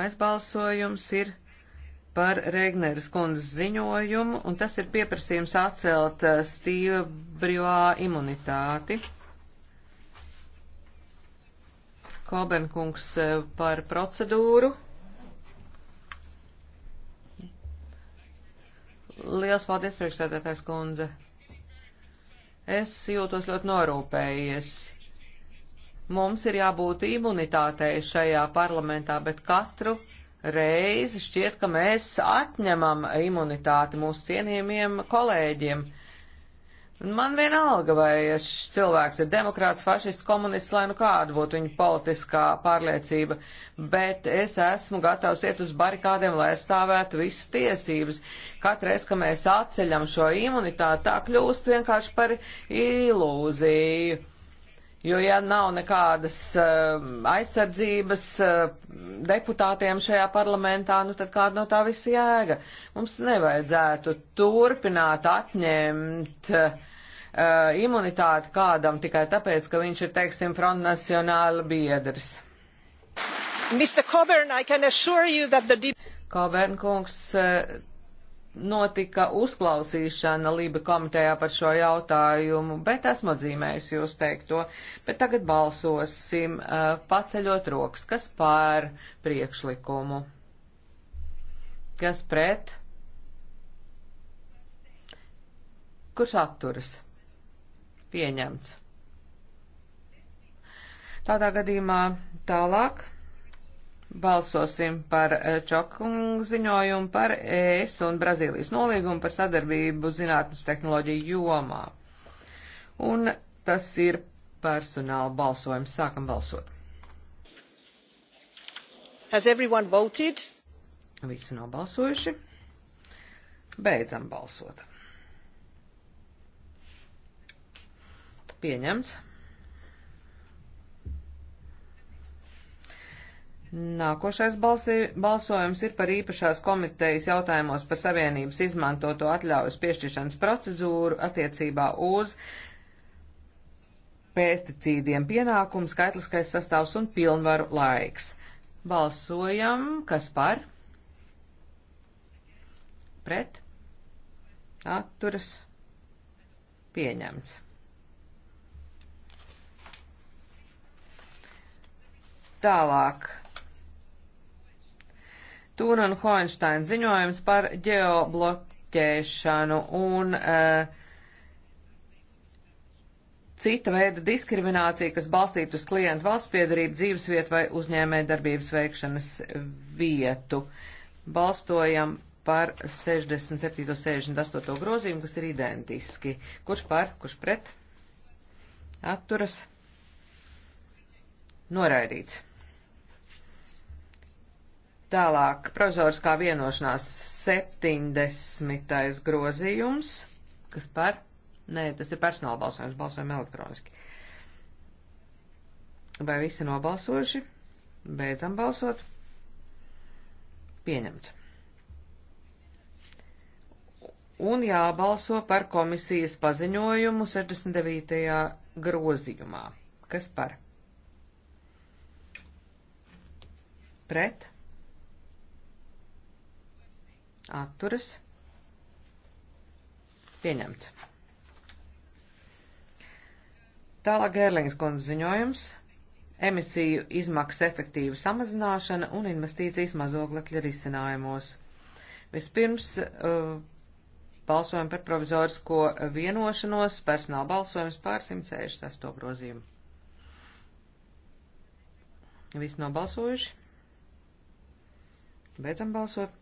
Aizbalsojums ir par Regneres kundzes ziņojumu, un tas ir pieprasījums atcelt eh, Stīva Brivā imunitāti. Kobenkungs eh, par procedūru. Liels paldies, priekšsēdētājs kundze. Es jūtos ļoti norūpējies Mums ir jābūt imunitātei šajā parlamentā, bet katru reizi šķiet, ka mēs atņemam imunitāti mūsu cienījumiem kolēģiem. Man vienalga, vai šis cilvēks ir demokrāts, fašists, komunists, lai nu kāda būtu viņa politiskā pārliecība, bet es esmu gatavs iet uz barikādiem, lai aizstāvētu visu tiesības. Katreiz, ka mēs atceļam šo imunitāti, tā kļūst vienkārši par ilūziju. Jo, ja nav nekādas uh, aizsardzības uh, deputātiem šajā parlamentā, nu tad kāda no tā visa jēga? Mums nevajadzētu turpināt atņemt uh, imunitāti kādam tikai tāpēc, ka viņš ir, teiksim, Front Nacionāla biedrs. Mr. Coburn, I can assure you that the... Coburn kungs, uh, notika uzklausīšana Lība komitejā par šo jautājumu, bet esmu atzīmējis jūs teikto. Bet tagad balsosim uh, paceļot rokas, kas pār priekšlikumu, kas pret, kurš atturas, pieņemts. Tādā gadījumā tālāk. Balsosim par eh, Čokungu ziņojumu par ES un Brazīlijas nolīgumu par sadarbību zinātnes tehnoloģiju jomā. Un tas ir personāla balsojums. Sākam balsot. Has everyone voted? Visi nobalsojuši. Beidzam balsot. Pieņemts. Nākošais balsi, balsojums ir par īpašās komitejas jautājumos par Savienības izmantoto atļaujas piešķiršanas procedūru attiecībā uz pesticīdiem pienākumu, skaitliskais sastāvs un pilnvaru laiks. Balsojam, kas par? Pret? Atturas? Pieņemts. Tālāk Tūna un Hoinsteina ziņojums par ģeobloķēšanu un uh, cita veida diskriminācija, kas balstītu uz klientu valsts piedarību, dzīvesvietu vai uzņēmē darbības veikšanas vietu. Balstojam par 67. 68. grozījumu, kas ir identiski. Kurš par, kurš pret? Atturas. Noraidīts. Tālāk, provizoriskā vienošanās 70. grozījums, kas par, nē, tas ir personāla balsojums, balsojam elektroniski. Vai visi nobalsojuši? Beidzam balsot. Pieņemts. Un jābalso par komisijas paziņojumu 69. grozījumā. Kas par? Pret? atturas, pieņemts. Tālāk Gērlings kundze ziņojums - emisiju izmaksu efektīvu samazināšana un investīcijas mazoglekļa risinājumos. Vispirms uh, balsojam par provizorisko vienošanos, personāla balsojums pār 168 grozījumu. Visi nobalsojuši. Beidzam balsot.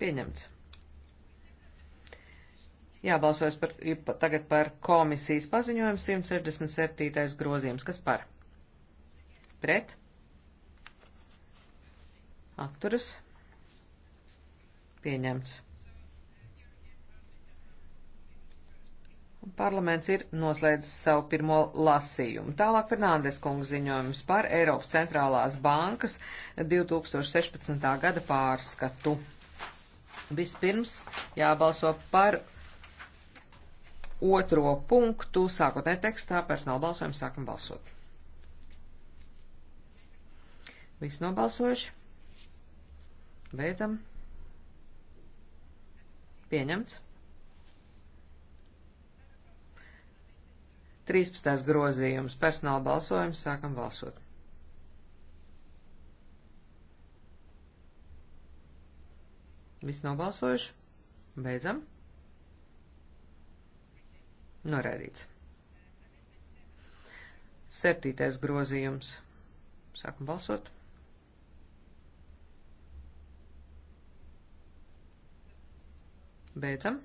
Pieņemts. Jābalsojas par, tagad par komisijas paziņojumu 167. grozījums. Kas par? Pret? Atturas? Pieņemts. Parlaments ir noslēdzis savu pirmo lasījumu. Tālāk Fernandes kungs ziņojums par Eiropas centrālās bankas 2016. gada pārskatu. Vispirms jābalso par otro punktu sākotnē tekstā personāla balsojumu sākam balsot. Viss nobalsojuši. Beidzam. Pieņemts. 13. grozījums personāla balsojums sākam balsot. Viss nobalsojuši. Beidzam. Norēdīts. Septītais grozījums. Sākam balsot. Beidzam.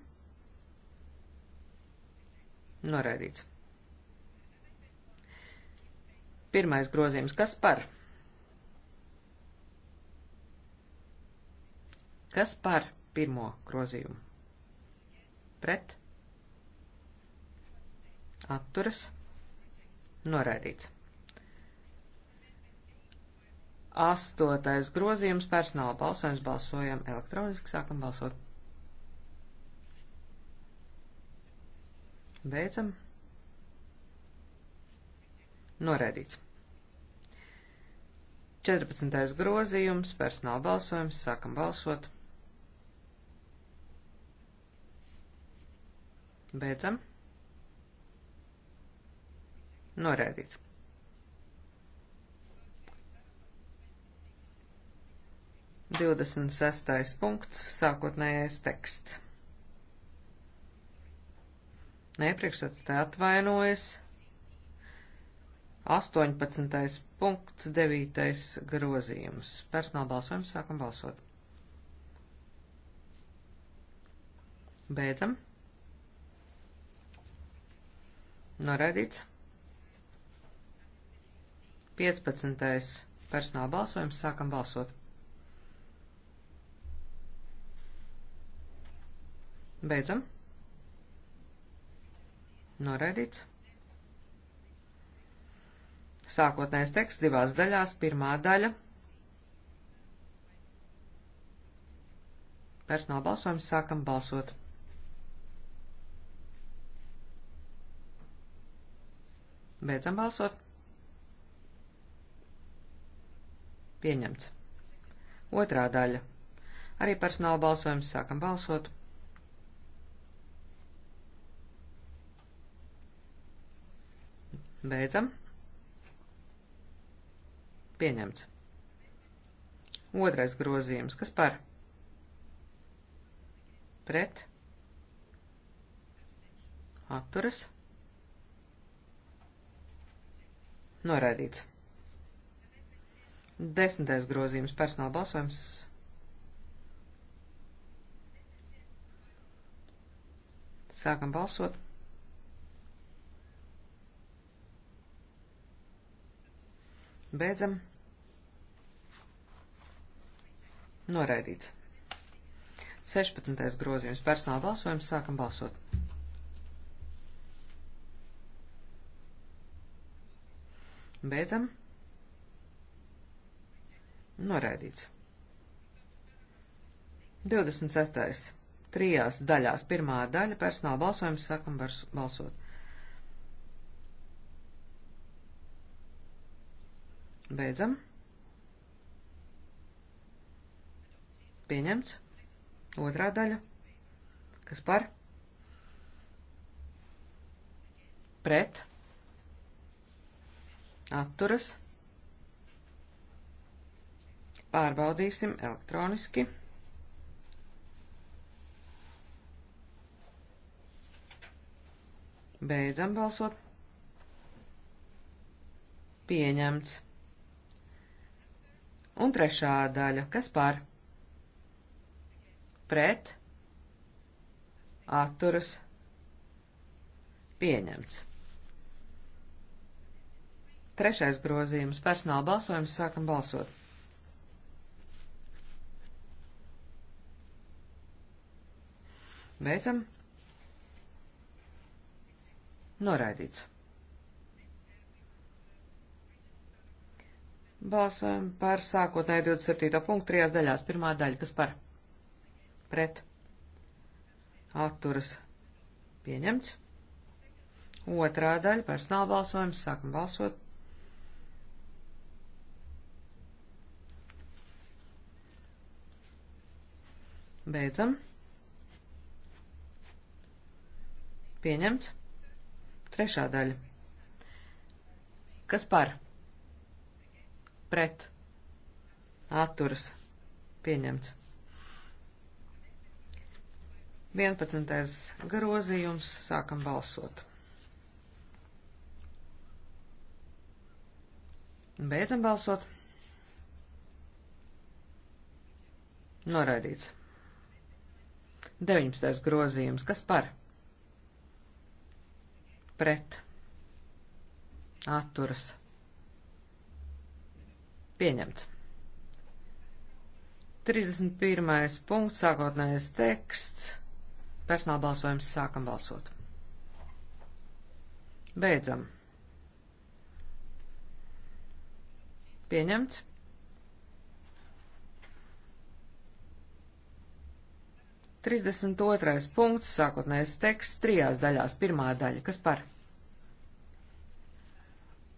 Norēdīts. Pirmais grozījums. Kas par? Kas par pirmo grozījumu? Pret. Atturas. Noraidīts. Astotais grozījums personāla balsojums balsojam elektroniski, sākam balsot. Beidzam. Noraidīts. 14. grozījums personāla balsojums, sākam balsot. Beidzam. Norēdīts. Divdesmit sestais punkts, sākotnējais teksts. Nepriekšsēdētāji atvainojas. 18. punkts, 9. grozījums. Personāla balsojums sākam balsot. Beidzam. Noraidīts. 15. personāla balsojums. Sākam balsot. Beidzam. Noraidīts. Sākotnējais teksts divās daļās. Pirmā daļa. Personāla balsojums. Sākam balsot. Beidzam balsot. Pieņemts. Otrā daļa. Arī personāla balsojums sākam balsot. Beidzam. Pieņemts. Otrais grozījums. Kas par? Pret. Atturas. Atturas Noraidīts. Desmitais grozījums personāla balsojums. Sākam balsot. Beidzam. Noraidīts. 16. grozījums personāla balsojums. Sākam balsot. Beidzam. Noraidīts. 26. Trijās daļās pirmā daļa personāla balsojums sākam balsot. Beidzam. Pieņemts. Otrā daļa. Kas par? Pret atturas. Pārbaudīsim elektroniski. Beidzam balsot. Pieņemts. Un trešā daļa. Kas par? Pret. Atturas. Pieņemts. Trešais grozījums - personāla balsojums. Sākam balsot. Beidzam. Noraidīts. Balsojam par sākotnēju 27. punktu trijās daļās. Pirmā daļa, kas par pret atturas pieņemts. Otrā daļa personāla balsojums. Sākam balsot. Beidzam. Pieņemts. Trešā daļa. Kas par? Pret. Atturas. Pieņemts. 11. grozījums. Sākam balsot. Beidzam balsot. Noraidīts. 19. grozījums. Kas par? Pret. Atturas. Pieņemts. 31. punkts, sākotnējais teksts. Personāla balsojums sākam balsot. Beidzam. Pieņemts. 32. punkts, sākotnējais teksts, trijās daļās. Pirmā daļa, kas par?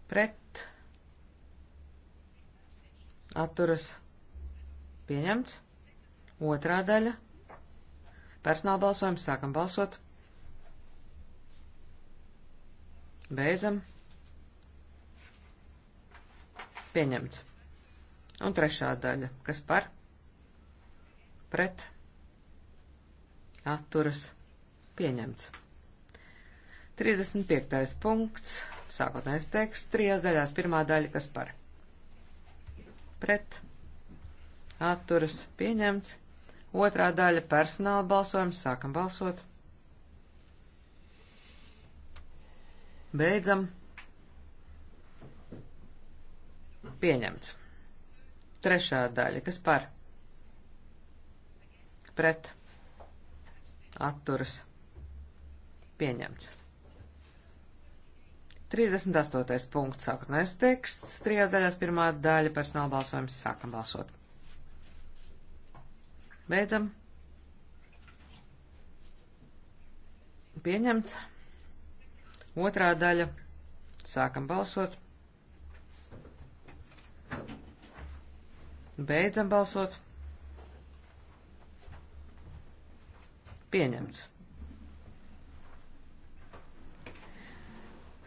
Pret. Atturas. Pieņemts. Otrā daļa. Personāla balsojums, sākam balsot. Beidzam. Pieņemts. Un trešā daļa, kas par? Pret atturas pieņemts. 35. punkts, sākotnējais teksts, trijās daļās pirmā daļa, kas par pret atturas pieņemts, otrā daļa personāla balsojums, sākam balsot. Beidzam. Pieņemts. Trešā daļa, kas par pret atturas pieņemts atturas pieņemts. 38. punkts sākotnēs teksts, trijās daļās pirmā daļa personāla balsojums, sākam balsot. Beidzam. Pieņemts. Otrā daļa. Sākam balsot. Beidzam balsot. Pieņemts.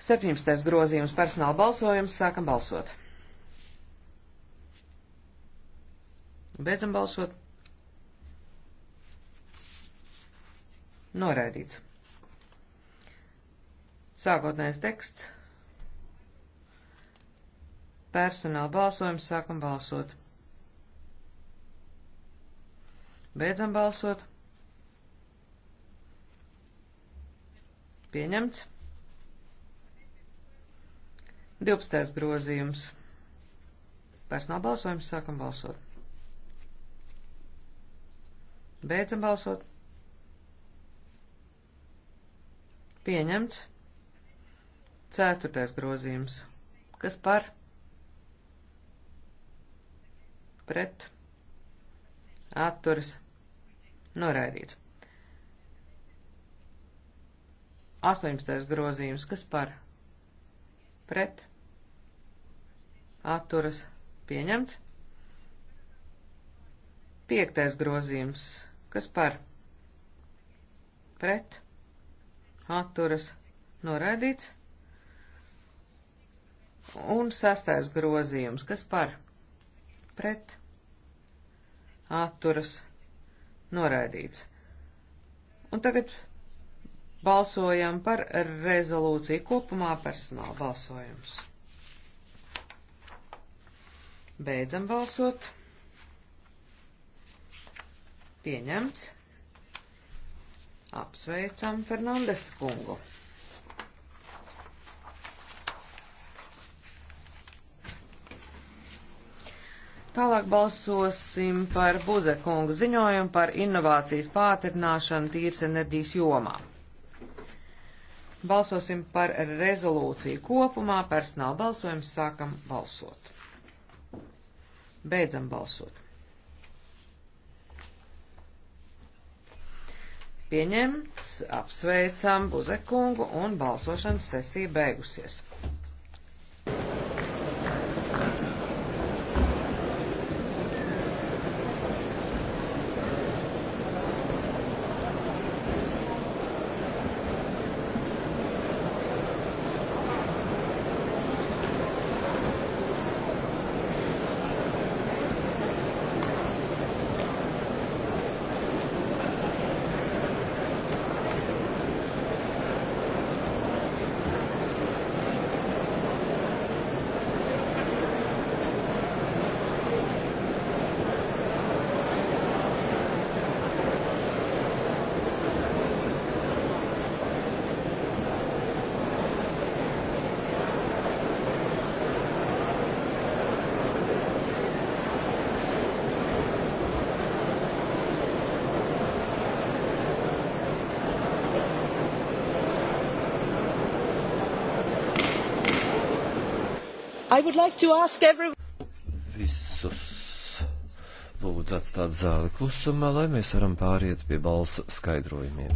17. grozījums personāla balsojums. Sākam balsot. Beidzam balsot. Noraidīts. Sākotnējais teksts. Personāla balsojums. Sākam balsot. Beidzam balsot. Pieņemts. 12. grozījums. Personāla balsojums sākam balsot. Beidzam balsot. Pieņemts. 4. grozījums. Kas par? Pret. Atturas. Noraidīts. 18. grozījums, kas par pret atturas pieņemts. 5. grozījums, kas par pret atturas noraidīts. Un 6. grozījums, kas par pret atturas noraidīts. Un tagad Balsojam par rezolūciju kopumā personāla balsojums. Beidzam balsot. Pieņemts. Apsveicam Fernandes kungu. Tālāk balsosim par Buzekungu ziņojumu par inovācijas pātrināšanu tīras enerģijas jomā. Balsosim par rezolūciju kopumā, personāla balsojums, sākam balsot. Beidzam balsot. Pieņemts, apsveicam Buzekungu un balsošanas sesija beigusies. Like every... Visus lūdzu atstāt zāli klusumā, lai mēs varam pāriet pie balsu skaidrojumiem.